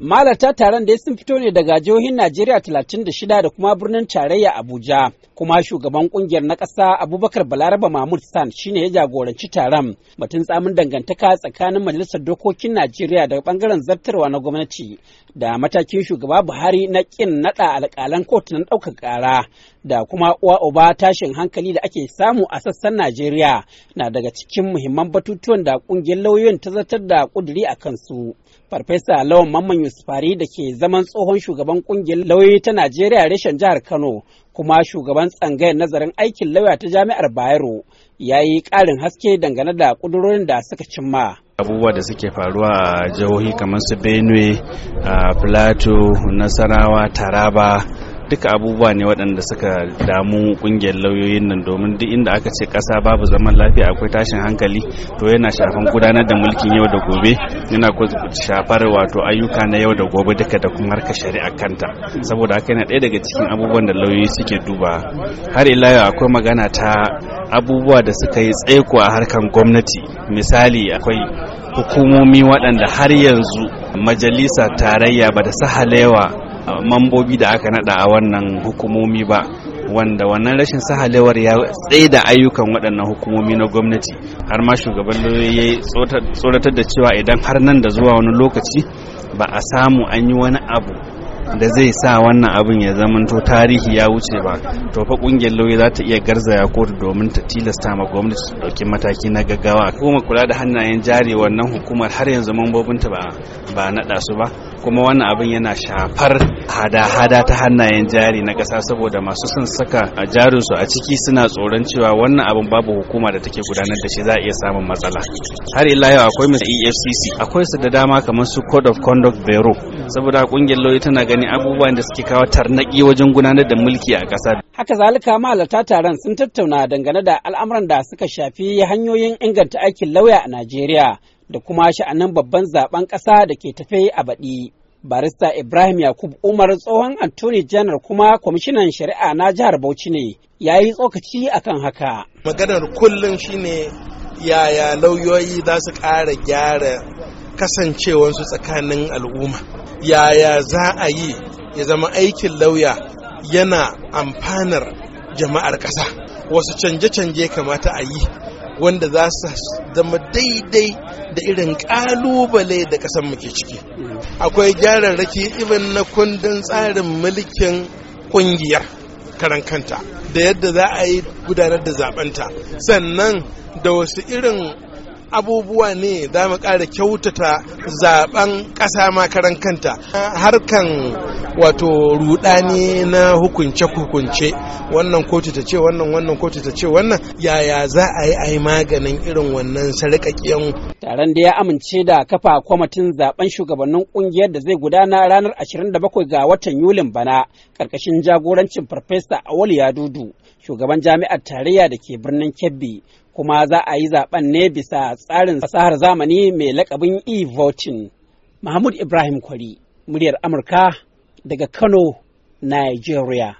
Malarta taron da sun fito ne daga jihohin Najeriya 36 da kuma birnin tarayya Abuja, kuma shugaban kungiyar na ƙasa Abubakar Balaraba Mahmud San shine ya jagoranci taron batun tsamin dangantaka tsakanin Majalisar Dokokin Najeriya da bangaren zartarwa na gwamnati da matakin shugaba Buhari na ƙin naɗa alƙalan na ɗaukar ƙara da kuma uwa uba tashin hankali da ake samu a sassan Najeriya na daga cikin muhimman batutuwan da ƙungiyar lauyoyin ta zartar da kuduri a kansu. Farfesa Lawan Mamman Yusufari da ke zaman tsohon shugaban ƙungiyar lauyoyi ta Najeriya reshen jihar Kano kuma shugaban tsangayar nazarin aikin lauya ta jami'ar bayero ya yi ƙarin haske dangane da ƙudurorin da suka cimma. abubuwa da suke faruwa a jihohi kamar su benue plateau nasarawa taraba duka abubuwa ne waɗanda suka damu ƙungiyar lauyoyin nan domin duk inda aka ce ƙasa babu zaman lafiya akwai tashin hankali to yana shafan gudanar da mulkin yau da gobe yana shafar wato ayyuka na yau da gobe duka da kuma harkar shari'a kanta saboda haka yana ɗaya daga cikin abubuwan da lauyoyi suke duba har ila yau akwai magana ta abubuwa da suka yi tsaiko a harkar gwamnati misali akwai hukumomi waɗanda har yanzu majalisa tarayya ba da sahalewa mambobi da aka nada a wannan hukumomi ba wanda wannan rashin sahalewar ya tsaye da ayyukan waɗannan hukumomi na gwamnati har ma shugaban lauyoyi ya tsoratar da cewa idan har nan da zuwa wani lokaci ba a samu an yi wani abu da zai sa wannan abin ya zamanto tarihi ya wuce ba to fa kungiyar lauyi za ta iya garzaya kotu domin ta tilasta ma gwamnati su dauki mataki na gaggawa kuma kula da hannayen jari wannan hukumar har yanzu mambobinta ba ba nada su ba kuma wannan abin yana shafar hada-hada ta hannayen jari na kasa saboda masu son saka a jarinsu a ciki suna tsoron cewa wannan abin babu hukuma da take gudanar da shi za a iya samun matsala har ila yau akwai mai efcc akwai su da dama kamar su code of conduct bureau saboda kungiyar lauyi tana ganin gani abubuwan da suke kawo tarnaƙi wajen gudanar da mulki a ƙasa. Haka zalika mahalarta taron sun tattauna dangane da al'amuran da suka shafi hanyoyin inganta aikin lauya a Najeriya da kuma sha'anin babban zaben ƙasa da ke tafe a baɗi. Barista Ibrahim Yakub Umar tsohon Attorney General kuma kwamishinan shari'a na jihar Bauchi ne ya yi tsokaci akan haka. Maganar kullum shine yaya lauyoyi za su ƙara gyara kasancewarsu tsakanin al'umma. yaya za a yi ya zama aikin lauya yana amfanar jama'ar ƙasa wasu canje-canje kamata a yi wanda za su zama daidai da irin ƙalubale da ƙasar muke ciki akwai gyararraki ibin na kundin tsarin mulkin ƙungiyar karankanta da yadda za a yi gudanar da zabenta sannan da wasu irin abubuwa ne za mu ƙara kyautata zaben ƙasa makaran kanta harkan wato rudani na hukunce-hukunce wannan kotu ta ce wannan wannan kotu ta ce wannan yaya za a yi a yi maganin irin wannan sarƙaƙiyan taron da ya amince da kafa kwamitin zaben shugabannin kungiyar da zai gudana ranar 27 ga watan yulin bana karkashin jagorancin farfesa awali Dudu, shugaban jami'ar tarayya da ke birnin kebbi kuma za a yi zaben ne bisa tsarin fasahar zamani mai lakabin e-voting. Mahmud Ibrahim Kwari, muryar Amurka daga Kano, Nigeria.